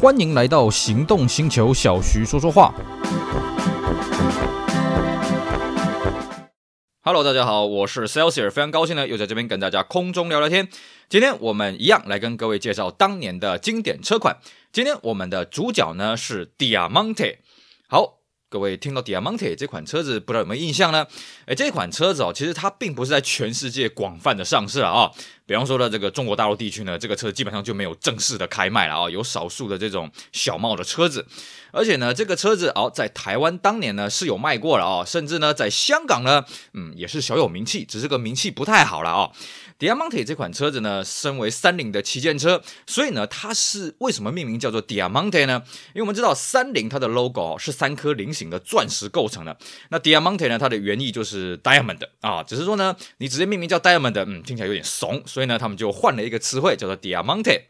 歡迎來到行動星球，小徐說說話。Hello，大家好，我是 Celsior，非常高興呢，又在這邊跟大家空中聊聊天。今天我們一樣來跟各位介紹當年的經典車款。今天我們的主角呢是 Diamante。好，各位聽到 Diamante 這款車子，不知道有沒有印象呢？誒、哎，這款車子哦，其實它並不是在全世界廣泛的上市啊、哦。比方說呢，這個中國大陸地區呢，這個車基本上就沒有正式的開賣了啊、哦，有少數的這種小貿的車子，而且呢，這個車子哦，在台灣當年呢是有賣過了啊、哦，甚至呢，在香港呢，嗯，也是小有名氣，只是個名氣不太好了啊、哦。Diamante 這款車子呢，身為三菱的旗艦車，所以呢，它是為什麼命名叫做 Diamante 呢？因為我們知道三菱它的 logo 是三顆菱形的鑽石構成的，那 Diamante 呢，它的原意就是 diamond 啊，只是說呢，你直接命名叫 diamond，嗯，聽起來有點慫。所以呢，他們就換了一個詞彙，叫做 Diamante。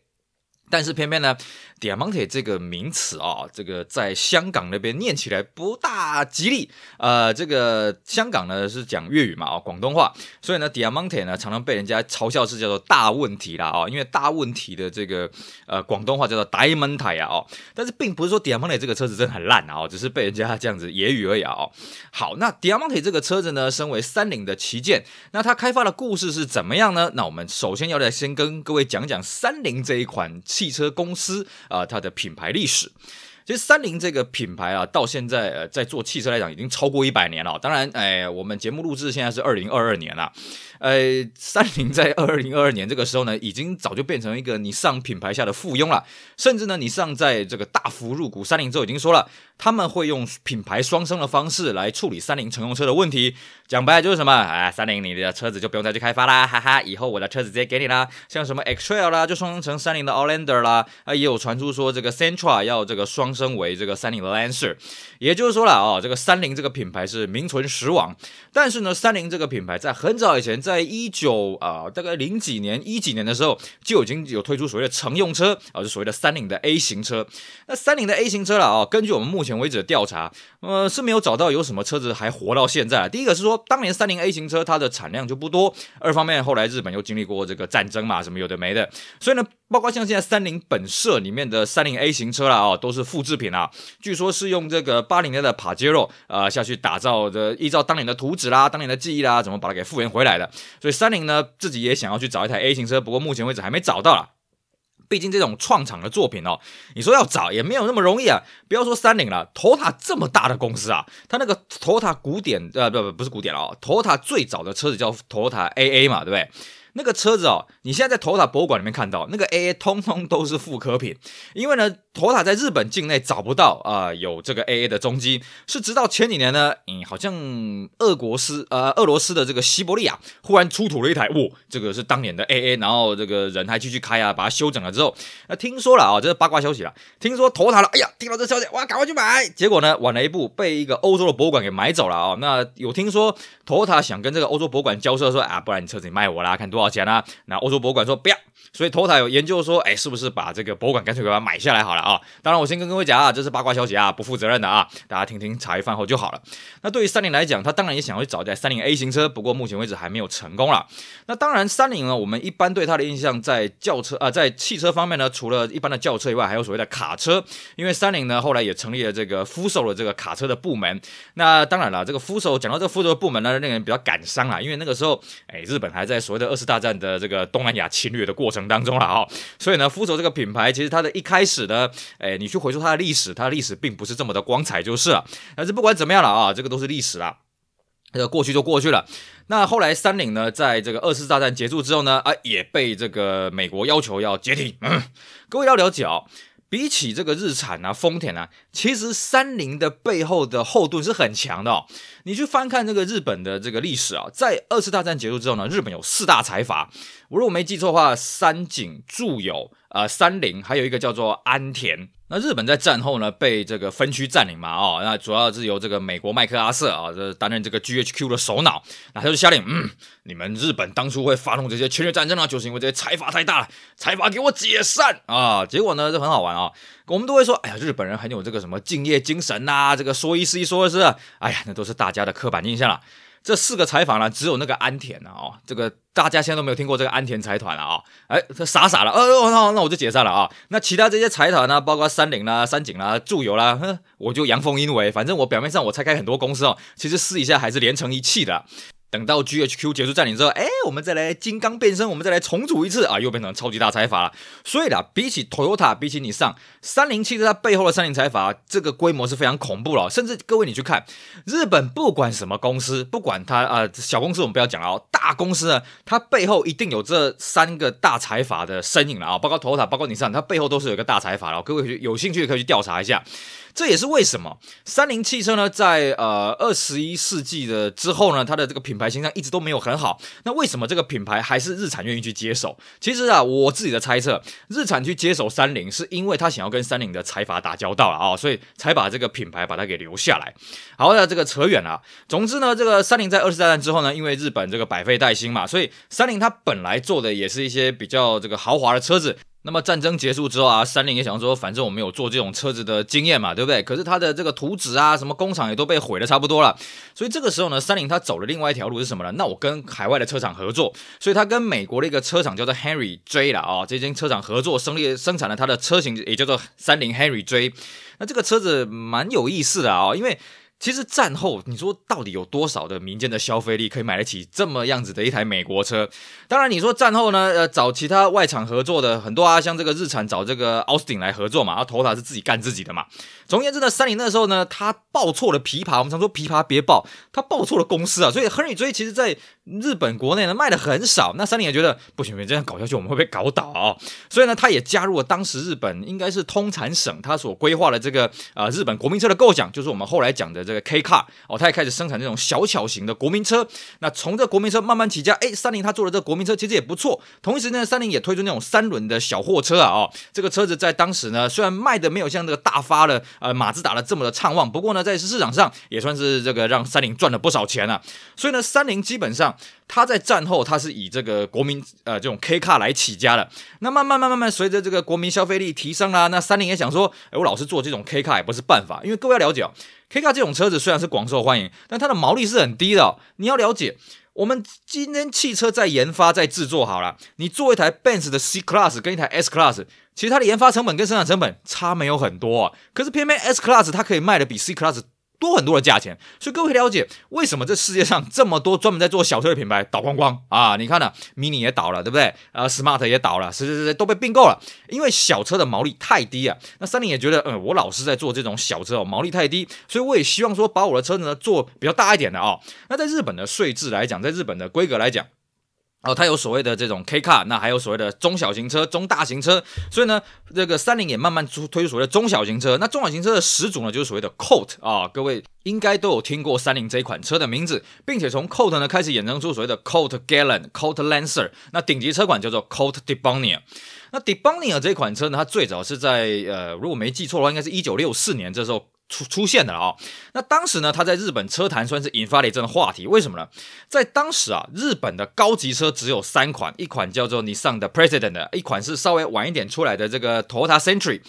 但是偏偏呢 Diamante 這個名詞啊、哦，這個在香港那邊念起來不大吉利。呃，這個香港呢是講粵語嘛，啊、哦，廣東話，所以呢 Diamante 呢常常被人家嘲笑是叫做大問題啦，啊、哦，因為大問題的這個呃廣東話叫做 Diamante 呀、啊，哦。但是並不是說 Diamante 這個車子真的很爛啊，只是被人家這樣子揶揄而已啊。哦、好，那 Diamante 這個車子呢，身為三菱的旗艦，那它開發的故事是怎麼樣呢？那我們首先要來先跟各位講講三菱這一款。汽車公司啊，呃，它的品牌歷史。其實三菱這個品牌啊，到現在呃在做汽車來講，已經超過一百年了。當然，哎、呃，我們節目錄製現在是二零二二年了，呃，三菱在二零二二年這個時候呢，已經早就變成一個 Nissan 品牌下的附庸了。甚至呢，Nissan 在這個大幅入股三菱之後，已經說了他們會用品牌雙生的方式來處理三菱乘用車的問題。講白了就是什麼？哎、啊，三菱你的車子就不用再去開發啦，哈哈，以後我的車子直接給你啦。像什麼 X-Trail 啦，就雙生成三菱的 Outlander 啦。啊，也有傳出說這個 Sentra 要這個雙。身為這個三菱的 Lancer，也就是說了啊、哦，這個三菱這個品牌是名存實亡。但是呢，三菱這個品牌在很早以前在 19,、呃，在一九啊大概零幾年一幾年的時候，就已經有推出所謂的乘用車啊，就、呃、所謂的三菱的 A 型車。那三菱的 A 型車了啊、哦，根據我們目前為止的調查，呃是沒有找到有什麼車子還活到現在了。第一個是說，當年三菱 A 型車它的產量就不多；二方面，後來日本又經歷過這個戰爭嘛，什麼有的沒的，所以呢。包括像現在三菱本社裡面的三菱 A 型車啦，哦，都是複製品啊。據說是用這個八零年代的帕杰羅啊下去打造的，依照當年的圖紙啦、當年的記憶啦，怎麼把它給復原回來的。所以三菱呢自己也想要去找一台 A 型車，不過目前為止還沒找到啊。畢竟這種創廠的作品哦，你說要找也沒有那麼容易啊。不要說三菱了，Toyota 這麼大的公司啊，它那個 Toyota 古典呃不，不是古典了哦，Toyota 最早的車子叫 Toyota AA 嘛，對不對？那個車子哦，你現在在 Toyota 博物館裡面看到那個 A A，通通都是復刻品，因為呢。托塔在日本境內找不到啊、呃，有這個 AA 的蹤跡，是直到前幾年呢，嗯，好像俄國斯呃俄羅斯的這個西伯利亞忽然出土了一台，哇，這個是當年的 AA，然後這個人還繼續開啊，把它修整了之後，那、啊、聽說了啊、哦，這是八卦消息了，聽說托塔了，哎呀，聽到這消息哇，我要趕快去買，結果呢晚了一步，被一個歐洲的博物館給買走了啊、哦，那有聽說托塔想跟這個歐洲博物館交涉說啊，不然你車子你賣我啦，看多少錢啦、啊，那歐洲博物館說不要，所以托塔有研究說，哎，是不是把這個博物館乾脆給它買下來好了、哦？啊、哦，當然我先跟各位講啊，這是八卦消息啊，不負責任的啊，大家聽聽茶餘飯後就好了。那對於三菱來講，他當然也想要去找一台三菱 A 型車，不過目前為止還沒有成功了。那當然三菱呢，我們一般對它的印象在轎車啊、呃，在汽車方面呢，除了一般的轎車以外，還有所謂的卡車，因為三菱呢後來也成立了這個 FUSO 的這個卡車的部門。那當然了，這個 FUSO 講到這個 FUSO 的部門呢，令人比較感傷啊，因為那個時候哎，日本還在所謂的二次大戰的這個東南亞侵略的過程當中了啊、哦，所以呢，FUSO 這個品牌其實它的一開始呢。哎，你去回溯它的歷史，它的歷史並不是這麼的光彩，就是了。但是不管怎麼樣了啊，這個都是歷史啦。它就過去就過去了。那後來三菱呢，在這個二次大戰結束之後呢，啊，也被這個美國要求要解體。嗯。各位要了解哦，比起這個日產啊、豐田啊，其實三菱的背後的後盾是很強的哦。你去翻看這個日本的這個歷史啊，哦，在二次大戰結束之後呢，日本有四大財閥。我如果沒記錯的話，三井住友。啊、呃，三菱還有一個叫做安田。那日本在戰後呢，被這個分區占領嘛，哦，啊，那主要是由這個美國麥克阿瑟啊，哦，這、就是、擔任這個 GHQ 的首腦，那他就下令，嗯，你們日本當初會發動這些侵略戰爭啊，就是因為這些財閥太大了，財閥給我解散啊！結果呢，這很好玩啊，哦，我們都會說，哎呀，日本人很有這個什麼敬業精神吶，啊，這個說一是一，說二是二，哎呀，那都是大家的刻板印象了。這四個財閥呢，只有那個安田了哦。這個大家現在都沒有聽過這個安田財團了啊、哦。哎，他傻傻的，哦，那那我就解散了啊、哦。那其他這些財團呢，包括三菱啦、三井啦、住友啦，哼，我就陽奉陰違。反正我表面上我拆開很多公司哦，其實私底下還是連成一氣的。等到 GHQ 結束佔領之後，哎、欸，我們再來金剛變身，我們再來重組一次啊，又變成超級大財閥了。所以啦，比起 Toyota，比起 Nissan 三菱汽車，它背後的三菱財閥，這個規模是非常恐怖了、哦。甚至各位你去看日本，不管什麼公司，不管它啊、呃、小公司我們不要講啊、哦，大公司呢，它背後一定有這三個大財閥的身影了啊、哦，包括 Toyota，包括 Nissan，它背後都是有一個大財閥的。哦，各位有興趣的可以去調查一下，這也是為什麼三菱汽車呢，在呃二十一世紀的之後呢，它的這個品品牌形象一直都沒有很好，那為什麼這個品牌還是日產願意去接手？其實啊，我自己的猜測，日產去接手三菱，是因為他想要跟三菱的財閥打交道啊，所以才把這個品牌把它給留下來。好的，那這個扯遠了啊。總之呢，這個三菱在二次大戰之後呢，因為日本這個百廢待興嘛，所以三菱它本來做的也是一些比較這個豪華的車子。那麼戰爭結束之後啊，三菱也想說，反正我們有做這種車子的經驗嘛，對不對？可是它的這個圖紙啊，什麼工廠也都被毀的差不多了。所以這個時候呢，三菱它走的另外一條路是什麼呢？那我跟海外的車廠合作，所以它跟美國的一個車廠叫做 Henry J 啦啊、哦，這間車廠合作生列生產了它的車型，也叫做三菱 Henry J。那這個車子蠻有意思的啊、哦，因為。其實戰後，你說到底有多少的民間的消費力可以買得起這麼樣子的一台美國車？當然，你說戰後呢，呃，找其他外廠合作的很多啊，像這個日產找這個 Austin 來合作嘛，然後 t 塔是自己幹自己的嘛。總言之呢，三菱那時候呢，他報錯了琵琶，我們常說琵琶別報，他報錯了公司啊，所以亨利追其實在日本國內呢賣的很少。那三菱也覺得不行，不行，這樣搞下去我們會被搞倒、哦、所以呢，他也加入了當時日本應該是通產省他所規劃的這個呃日本國民車的構想，就是我們後來講的。這個 K 卡、哦，它也開始生產這種小巧型的國民車。那從這個國民車慢慢起家，哎、欸，三菱它做的這個國民車其實也不錯。同時呢，三菱也推出那種三輪的小貨車啊，哦，這個車子在當時呢，雖然賣的沒有像這個大發的、呃馬自達的這麼的暢旺，不過呢，在市場上也算是這個讓三菱賺了不少錢啊。所以呢，三菱基本上它在戰後，它是以這個國民呃這種 K 卡來起家的。那慢慢慢慢慢，隨着這個國民消費力提升啊，那三菱也想說，哎、欸，我老是做這種 K 卡也不是辦法，因為各位要了解、哦。K car 這種車子雖然是廣受歡迎，但它的毛利是很低的、哦。你要了解，我們今天汽車在研發、在制作好了，你做一台 Benz 的 C Class 跟一台 S Class，其實它的研發成本跟生產成本差沒有很多、啊，可是偏偏 S Class 它可以賣得比 C Class，多很多的價錢，所以各位了解，為什麼這世界上這麼多專門在做小車的品牌倒光光啊？你看呢，啊，mini 也倒了，對不對？呃，smart 也倒了，是是是，都被併購了，因為小車的毛利太低啊。那三菱也覺得，嗯，呃，我老是在做這種小車哦，毛利太低，所以我也希望說把我的車子呢做比較大一點的啊，哦。那在日本的稅制來講，在日本的規格來講。哦，它有所謂的這種 K car，那還有所謂的中小型車、中大型車，所以呢，這個三菱也慢慢出推出了中小型車。那中小型車的始祖呢，就是所謂的 Colt 啊、哦，各位應該都有聽過三菱這一款車的名字，並且從 Colt 呢開始衍生出所謂的 Colt Gallant、Colt Lancer，那頂級車款叫做 Colt Debonair。那 Debonair 這款車呢，它最早是在呃，如果沒記錯的話，應該是一九六四年這時候。出出現的了啊、哦，那當時呢，他在日本車壇算是引發了一陣的話題，為什麼呢？在當時啊，日本的高級車只有三款，一款叫做 Nissan 的 President，一款是稍微晚一點出來的這個 Toyota Century。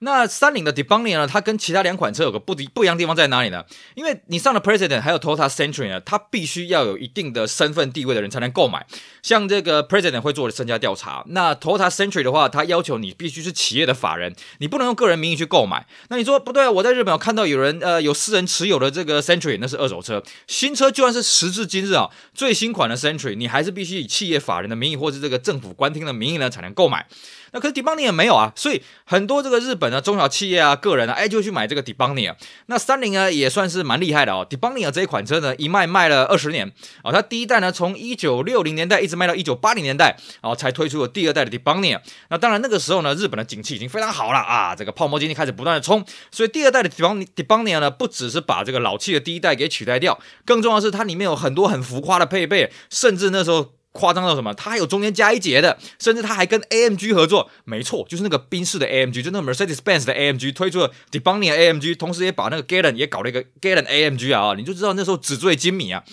那三菱的 Debony 呢？它跟其他兩款車有個不不一樣的地方在哪裡呢？因為你上了 President 還有 Toyota Century 呢，它必須要有一定的身份地位的人才能購買。像這個 President 會做身家調查，那 Toyota Century 的話，它要求你必須是企業的法人，你不能用個人名義去購買。那你說不對啊，我在日本有看到有人呃有私人持有的這個 Century，那是二手車。新車就算是時至今日啊，最新款的 Century，你還是必須以企業法人的名義或者是這個政府官廳的名義呢才能購買。那可是迪邦尼也沒有啊，所以很多這個日本的中小企業啊、個人啊，哎就去買這個迪邦尼啊。那三菱呢，也算是蠻厲害的哦。迪邦尼啊，這一款車呢，一賣賣了二十年啊、哦。它第一代呢，從一九六零年代一直賣到一九八零年代啊、哦，才推出了第二代的迪邦尼啊。那當然那個時候呢，日本的景氣已經非常好了啊，這個泡沫經濟開始不斷的沖。所以第二代的迪邦迪邦尼爾呢，不只是把這個老氣的第一代給取代掉，更重要的是它裡面有很多很浮誇的配備，甚至那時候。誇張到什麼？它還有中間加一節的，甚至它還跟 AMG 合作。沒錯，就是那個賓士的 AMG，就是那個 Mercedes-Benz 的 AMG 推出了 Debonair AMG，同時也把那個 Galant 也搞了一個 Galant AMG 啊、哦！你就知道那時候紙醉金迷啊。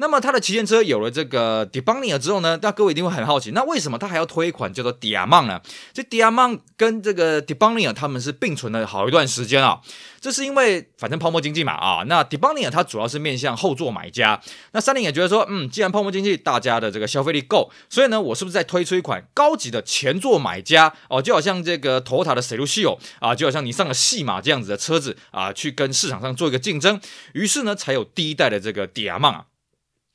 那麼它的旗艦車有了這個 Debonair 之後呢，大家各位一定會很好奇，那為什麼它還要推一款叫做 Diamante 呢？這 Diamante 跟這個 Debonair 他們是並存了好一段時間啊、哦。這是因為反正泡沫經濟嘛啊，那 Debonair 它主要是面向後座買家，那三菱也覺得說，嗯，既然泡沫經濟大家的這個消費力夠，所以呢，我是不是在推出一款高級的前座買家哦、啊，就好像這個 Toyota 的 Celsior 啊，就好像你上個戲碼這樣子的車子啊，去跟市場上做一個競爭，於是呢，才有第一代的這個 Diamante、啊。啊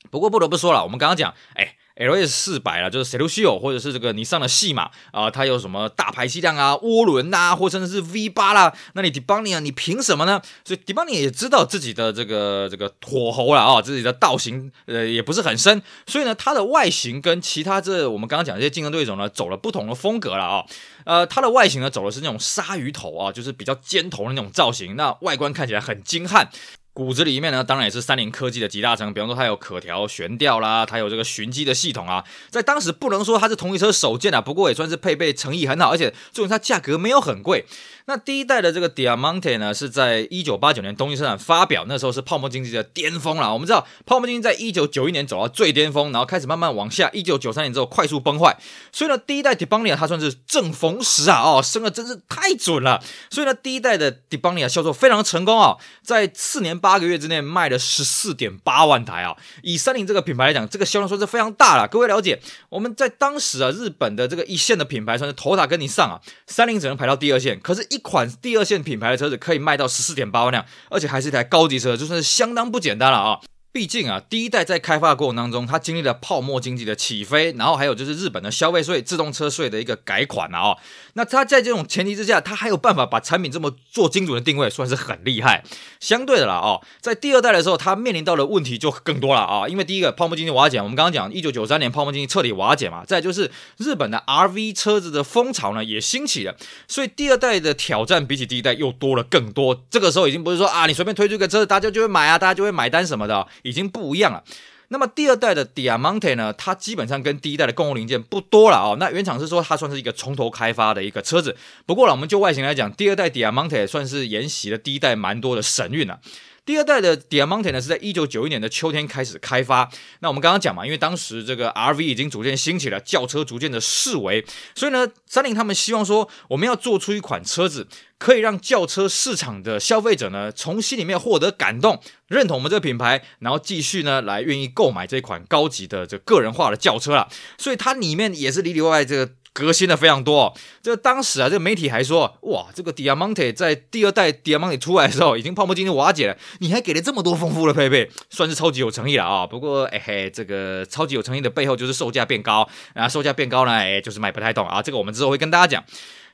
不過不得不說了，我們剛剛講，哎、欸、LS 四百了，就是 Celsior 或者是這個 Nissan 的戲嘛，啊、呃，它有什麼大排氣量啊、渦輪吶，或甚至是 V 八啦，那你 Debonair 啊，你憑什麼呢？所以 Debonair 也知道自己的這個這個火候了啊，自己的道行呃也不是很深，所以呢，它的外形，跟其他這我們剛剛講這些競爭對手呢，走了不同的風格了啊、哦，呃，它的外形呢走的是那種鯊魚頭啊、哦，就是比較尖頭的那種造型，那外觀看起來很精悍。骨子裡面呢，當然也是三菱科技的集大成。比方說，它有可調懸吊啦，它有這個循跡的系統啊。在當時不能說它是同一車首見啊，不過也算是配備誠意很好，而且重點它價格沒有很貴。那第一代的這個 Diamante 呢，是在一九八九年東京生產發表，那時候是泡沫經濟的巔峰了。我們知道泡沫經濟在一九九一年走到最巔峰，然後開始慢慢往下，一九九三年之後快速崩壞。所以呢，第一代 Diamante 它算是正逢時啊，哦，生的真是太準了。所以呢，第一代的 Diamante 銷售非常成功啊、哦，在四年八個月之內賣了十四點八萬台啊、哦。以三菱這個品牌來講，這個銷量算是非常大了。各位了解，我們在當時啊，日本的這個一線的品牌算是 Toyota 跟 Nissan 啊，三菱只能排到第二線，可是。一款第二線品牌的車子可以賣到十四點八萬輛，而且還是一台高級車，就算是相當不簡單了啊、哦！畢竟啊，第一代在開發的過程當中，它經歷了泡沫經濟的起飛，然後還有就是日本的消費稅、自動車稅的一個改款啊、哦。那它在這種前提之下，它還有辦法把產品這麼做精準的定位，算是很厲害。相對的啦哦，在第二代的時候，它面臨到的問題就更多了啊、哦。因為第一個泡沫經濟瓦解，我們剛剛講一九九三年泡沫經濟徹底瓦解嘛。再就是日本的 RV 車子的風潮呢也興起了。所以第二代的挑戰比起第一代又多了更多。這個時候已經不是說啊，你隨便推出一個車，大家就會買啊，大家就會買單什麼的。已經不一樣了。那麼第二代的 Diamante 呢，它基本上跟第一代的共用零件不多了哦。那原廠是說它算是一個從頭開發的一個車子。不過了，我們就外形來講，第二代 Diamante 算是沿襲了第一代蠻多的神韻了啊。第二代的 Diamante 呢，是在一九九一年的秋天開始開發。那我們剛剛講嘛，因為當時這個 RV 已經逐漸興起了，轎車逐漸的式微，所以呢，三菱他們希望說，我們要做出一款車子，可以讓轎車市場的消費者呢，從心裡面獲得感動，認同我們這個品牌，然後繼續呢來願意購買這款高級的這個人化的轎車啦。所以它裡面也是裡裡外外這個。革新的非常多，這個、當時啊，這個媒體還說，哇，這個 Diamante 在第二代 Diamante 出來的時候，已經泡沫經濟瓦解了，你還給了這麼多豐富的配備，算是超級有誠意了啊、哦。不過，哎嘿，這個超級有誠意的背後就是售價變高，然、啊、後售價變高呢，哎，就是賣不太動啊。這個我們之後會跟大家講。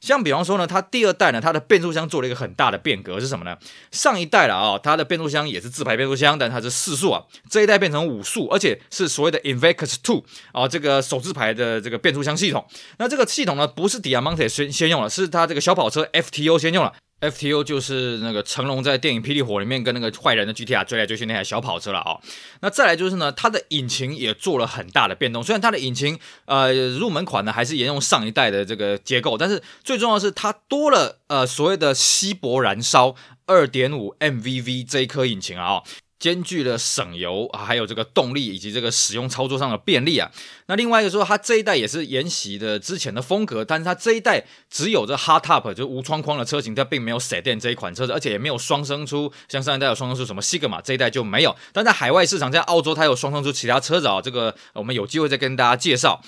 像比方說呢，它第二代呢，它的變速箱做了一個很大的變革，是什麼呢？上一代了啊、哦，它的變速箱也是自排變速箱，但它是四速啊，這一代變成五速，而且是所謂的 INVECS-II 啊、哦，這個手自排的這個變速箱系統。那這個系統呢，不是 Diamante 先先用了，是它這個小跑車 FTO 先用了。F T O 就是那個成龍在電影《霹靂火》裡面跟那個壞人的 G T R 追來追去那台小跑車了啊、哦。那再來就是呢，它的引擎也做了很大的變動。雖然它的引擎呃入門款呢還是沿用上一代的這個結構，但是最重要的是它多了呃所謂的稀薄燃燒二點五 M V V 這一顆引擎啊、哦。兼具了省油啊，還有這個動力以及這個使用操作上的便利啊。那另外一個說，它這一代也是沿襲的之前的風格，但是它這一代只有這 hard top 就無窗框的車型，它並沒有 sedan 這一款車子，而且也沒有雙生出，像上一代有雙生出什麼 Sigma 這一代就沒有。但在海外市場，在澳洲它有雙生出其他車子啊，這個我們有機會再跟大家介紹。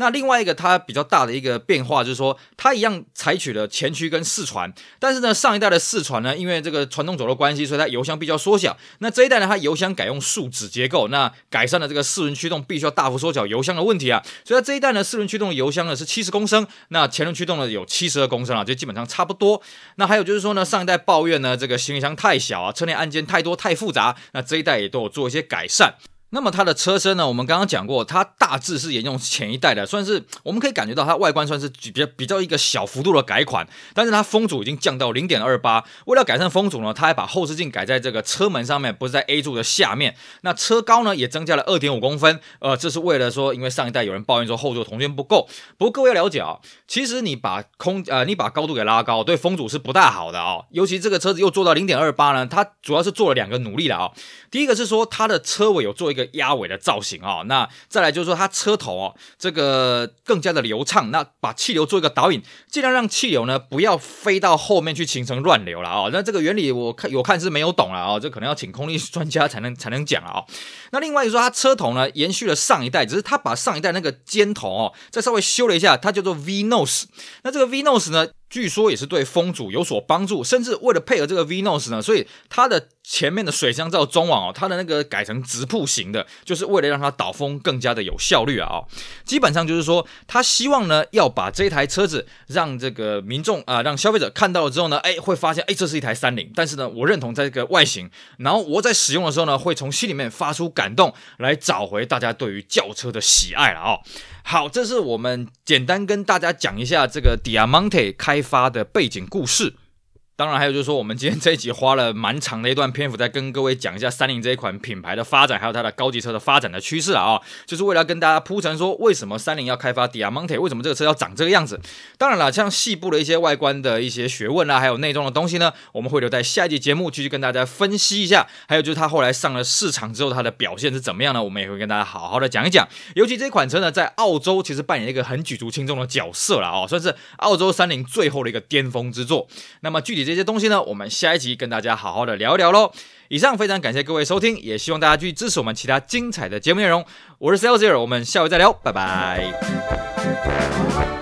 那另外一個它比較大的一個變化就是說，它一樣採取了前驅跟四傳，但是呢，上一代的四傳呢，因為這個傳動軸的關係，所以它油箱比較縮小。那這一代呢，它油箱改用樹脂結構，那改善了這個四輪驅動必須要大幅縮小油箱的問題啊。所以在這一代呢，四輪驅動的油箱呢是七十公升，那前輪驅動的有七十二公升啊，就基本上差不多。那還有就是說呢，上一代抱怨呢這個行李箱太小啊，車內按鍵太多太複雜，那這一代也都有做一些改善。那麼它的車身呢？我們剛剛講過，它大致是沿用前一代的，算是我們可以感覺到它外觀算是比較比較一個小幅度的改款。但是它風阻已經降到零點二八。為了改善風阻呢，它還把後視鏡改在這個車門上面，不是在 A 柱的下面。那車高呢也增加了二點五公分。呃，這是為了說，因為上一代有人抱怨說後座空間不夠。不過各位要了解啊、哦，其實你把空呃你把高度給拉高，對風阻是不大好的啊、哦。尤其這個車子又做到零點二八呢，它主要是做了兩個努力的啊、哦。第一個是說它的車尾有做一個。鴨尾的造型啊、哦，那再來就是說它車頭哦，這個更加的流暢，那把氣流做一個導引，儘量讓氣流呢不要飛到後面去形成亂流了啊、哦。那這個原理我看有看是沒有懂了啊、哦，這可能要請空力專家才能才能講啦啊、哦。那另外就是說它車頭呢延續了上一代，只是它把上一代那個尖頭哦再稍微修了一下，它叫做 V nose。OS, 那這個 V nose 呢？據說也是對風阻有所幫助，甚至為了配合這個 V-Nose 呢，所以它的前面的水箱罩中網哦，它的那個改成直瀑型的，就是為了讓它導風更加的有效率啊、哦、基本上就是說，他希望呢要把這台車子讓這個民眾啊、呃，讓消費者看到了之後呢，哎，會發現哎，這是一台三菱。但是呢，我認同在這個外形，然後我在使用的時候呢，會從心裡面發出感動，來找回大家對於轎車的喜愛了啊、哦！好，這是我們簡單跟大家講一下這個 Diamante 開發的背景故事。當然，還有就是說，我們今天這一集花了蠻長的一段篇幅，在跟各位講一下三菱這一款品牌的發展，還有它的高級車的發展的趨勢啊、哦，就是為了跟大家鋪陳說，為什麼三菱要開發 Diamante 為什麼這個車要長這個樣子。當然了，像細部的一些外觀的一些學問啦、啊，還有內裝的東西呢，我們會留在下一集節目繼續跟大家分析一下。還有就是它後來上了市場之後，它的表現是怎麼樣呢？我們也會跟大家好好的講一講。尤其這款車呢，在澳洲其實扮演一個很舉足輕重的角色了啊，算是澳洲三菱最後的一個巔峰之作。那麼具體。這些東西呢，我們下一集跟大家好好的聊一聊嘍。以上非常感謝各位收聽，也希望大家繼續支持我們其他精彩的節目內容。我是 CELSIORS，我們下回再聊，拜拜。